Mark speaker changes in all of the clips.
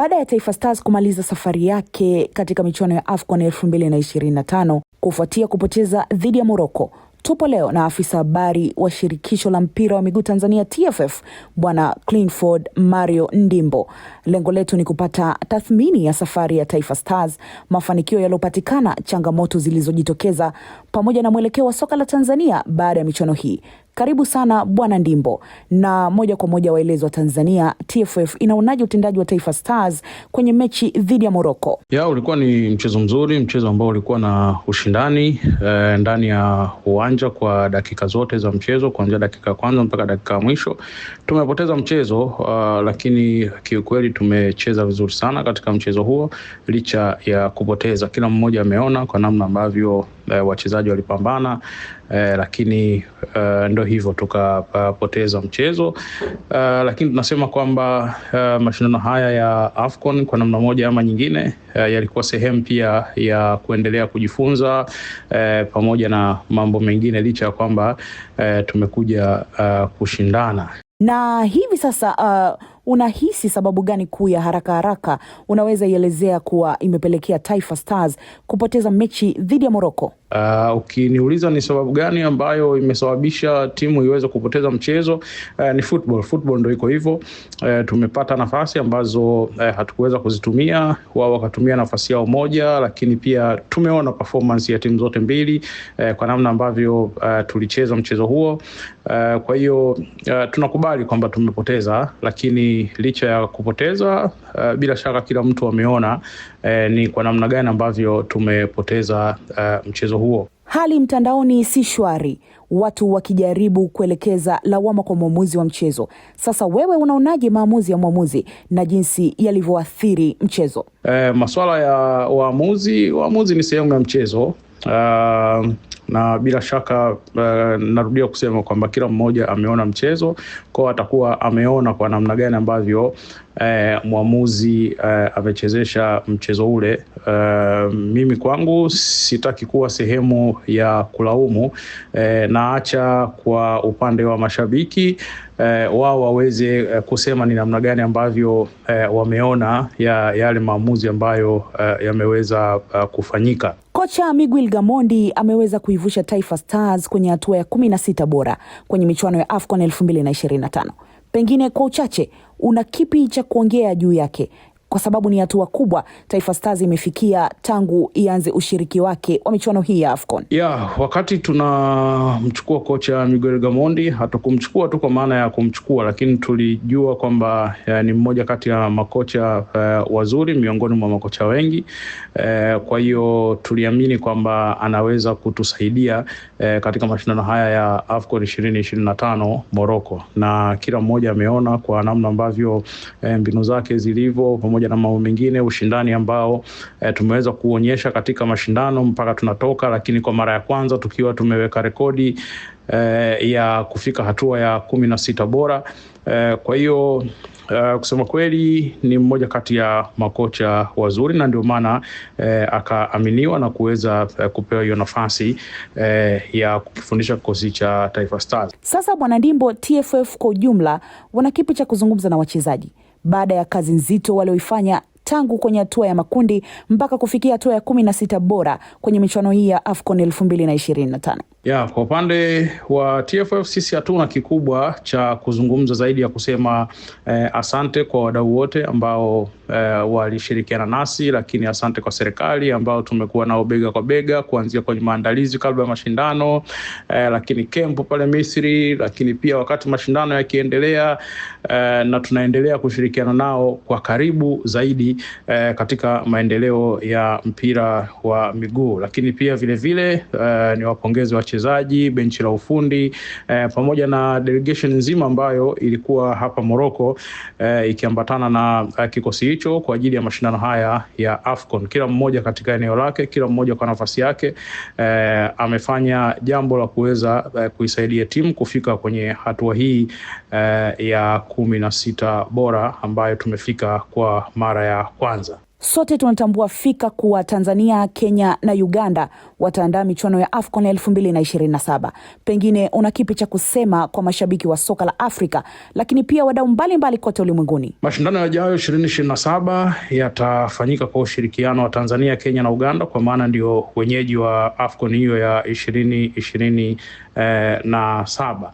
Speaker 1: Baada ya Taifa Stars kumaliza safari yake katika michuano ya AFCON 2025 kufuatia kupoteza dhidi ya Morocco, tupo leo na afisa habari wa shirikisho la mpira wa miguu Tanzania TFF Bwana Clinford Mario Ndimbo. Lengo letu ni kupata tathmini ya safari ya Taifa Stars, mafanikio yaliyopatikana, changamoto zilizojitokeza, pamoja na mwelekeo wa soka la Tanzania baada ya michuano hii. Karibu sana Bwana Ndimbo, na moja kwa moja waelezi wa Tanzania, TFF inaonaje utendaji wa Taifa Stars kwenye mechi dhidi ya moroko
Speaker 2: Ya, ulikuwa ni mchezo mzuri, mchezo ambao ulikuwa na ushindani eh, ndani ya uwanja kwa dakika zote za mchezo kuanzia dakika ya kwanza mpaka dakika ya mwisho. Tumepoteza mchezo uh, lakini kiukweli tumecheza vizuri sana katika mchezo huo licha ya kupoteza. Kila mmoja ameona kwa namna ambavyo eh, wachezaji walipambana eh, lakini eh, ndo hivyo tukapoteza mchezo uh, lakini tunasema kwamba uh, mashindano haya ya AFCON kwa namna moja ama nyingine uh, yalikuwa sehemu pia ya kuendelea kujifunza uh, pamoja na mambo mengine licha ya kwamba uh, tumekuja uh, kushindana
Speaker 1: na hivi sasa uh Unahisi sababu gani kuu ya haraka haraka unaweza ielezea kuwa imepelekea Taifa Stars kupoteza mechi dhidi ya Moroko?
Speaker 2: Uh, ah, ukiniuliza ni sababu gani ambayo imesababisha timu iweze kupoteza mchezo uh, ni football. Football ndio iko hivyo. Uh, tumepata nafasi ambazo uh, hatukuweza kuzitumia, wao wakatumia nafasi yao moja, lakini pia tumeona performance ya timu zote mbili uh, kwa namna ambavyo uh, tulicheza mchezo huo uh, kwa hiyo uh, tunakubali kwamba tumepoteza, lakini licha ya kupoteza uh, eh, bila shaka kila mtu ameona uh, ni kwa namna gani ambavyo tumepoteza uh, mchezo huo.
Speaker 1: Hali mtandaoni si shwari, watu wakijaribu kuelekeza lawama kwa mwamuzi wa mchezo. Sasa wewe unaonaje maamuzi ya mwamuzi na jinsi yalivyoathiri mchezo?
Speaker 2: Uh, masuala ya waamuzi, waamuzi ni sehemu ya mchezo Uh, na bila shaka uh, narudia kusema kwamba kila mmoja ameona mchezo kwao, atakuwa ameona kwa namna gani ambavyo uh, mwamuzi uh, amechezesha mchezo ule. Uh, mimi kwangu sitaki kuwa sehemu ya kulaumu uh, naacha kwa upande wa mashabiki uh, wao waweze uh, kusema ni namna gani ambavyo uh, wameona yale maamuzi ambayo uh, yameweza uh, kufanyika.
Speaker 1: Kocha Miguel Gamondi ameweza kuivusha Taifa Stars kwenye hatua ya kumi na sita bora kwenye michuano ya AFCON 2025. Pengine kwa uchache, una kipi cha kuongea juu yake kwa sababu ni hatua kubwa Taifa Stars imefikia tangu ianze ushiriki wake wa michuano hii ya AFCON.
Speaker 2: Yeah, wakati tunamchukua kocha Miguel Gamondi, hatukumchukua tu kwa maana ya kumchukua, lakini tulijua kwamba eh, ni mmoja kati ya makocha uh, wazuri miongoni mwa makocha wengi uh, kwa hiyo tuliamini kwamba anaweza kutusaidia uh, katika mashindano haya ya AFCON 2025 Morocco, na kila mmoja ameona kwa namna ambavyo mbinu zake zilivyo pamoja pamoja na mambo mengine, ushindani ambao e, tumeweza kuonyesha katika mashindano mpaka tunatoka, lakini kwa mara ya kwanza tukiwa tumeweka rekodi e, ya kufika hatua ya kumi na sita bora e, kwa hiyo Uh, kusema kweli ni mmoja kati ya makocha wazuri na ndio maana eh, akaaminiwa na kuweza eh, kupewa hiyo nafasi eh, ya kufundisha kikosi cha Taifa Stars.
Speaker 1: Sasa Bwana Ndimbo, TFF kwa ujumla wana kipi cha kuzungumza na wachezaji? baada ya kazi nzito walioifanya tangu kwenye hatua ya makundi mpaka kufikia hatua ya kumi na sita bora kwenye michuano hii ya AFCON 2025.
Speaker 2: Ya, kwa upande wa TFF sisi hatuna kikubwa cha kuzungumza zaidi ya kusema eh, asante kwa wadau wote ambao eh, walishirikiana nasi, lakini asante kwa serikali ambao tumekuwa nao bega kwa bega kuanzia kwenye maandalizi kabla ya mashindano eh, lakini kempo pale Misri, lakini pia wakati mashindano yakiendelea eh, na tunaendelea kushirikiana nao kwa karibu zaidi eh, katika maendeleo ya mpira wa miguu, lakini pia vilevile vile, eh, ni wapongezi wa wachezaji, benchi la ufundi eh, pamoja na delegation nzima ambayo ilikuwa hapa Morocco eh, ikiambatana na eh, kikosi hicho kwa ajili ya mashindano haya ya Afcon. Kila mmoja katika eneo lake, kila mmoja kwa nafasi yake eh, amefanya jambo la kuweza eh, kuisaidia timu kufika kwenye hatua hii eh, ya kumi na sita bora ambayo tumefika kwa mara ya kwanza.
Speaker 1: Sote tunatambua fika kuwa Tanzania, Kenya na Uganda wataandaa michuano ya AFCON 2027. Pengine una kipi cha kusema kwa mashabiki wa soka la Afrika, lakini pia wadau mbalimbali kote ulimwenguni?
Speaker 2: Mashindano yajayo 2027 yatafanyika kwa ushirikiano wa Tanzania, Kenya na Uganda, kwa maana ndio wenyeji wa AFCON hiyo ya 2027 eh, na saba.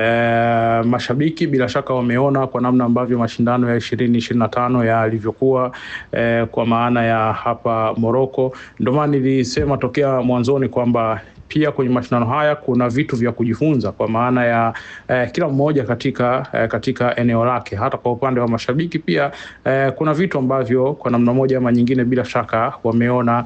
Speaker 2: Eh, mashabiki bila shaka wameona kwa namna ambavyo mashindano ya 2025 yalivyokuwa eh, kwa maana ya hapa Morocco, ndio maana nilisema tokea mwanzoni kwamba pia kwenye mashindano haya kuna vitu vya kujifunza kwa maana ya eh, kila mmoja katika eh, katika eneo lake. Hata kwa upande wa mashabiki pia eh, kuna vitu ambavyo kwa namna moja ama nyingine bila shaka wameona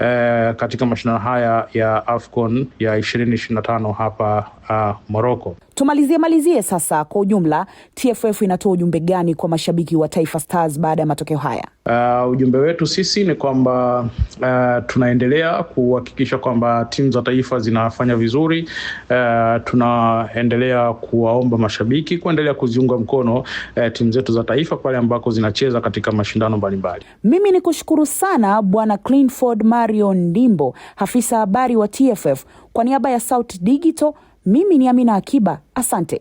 Speaker 2: eh, katika mashindano haya ya AFCON ya 2025 hapa uh, Morocco.
Speaker 1: Tumalizie malizie sasa, kwa ujumla TFF inatoa ujumbe gani kwa mashabiki wa Taifa Stars baada ya matokeo haya?
Speaker 2: Uh, ujumbe wetu sisi ni kwamba uh, tunaendelea kuhakikisha kwamba timu za taifa zinafanya vizuri. Uh, tunaendelea kuwaomba mashabiki kuendelea kuziunga mkono uh, timu zetu za taifa pale ambako zinacheza katika mashindano mbalimbali.
Speaker 1: Mimi ni kushukuru sana Bwana Clinford Mario Ndimbo, afisa habari wa TFF, kwa niaba ya Sauti Digital mimi ni Amina Akiba, asante.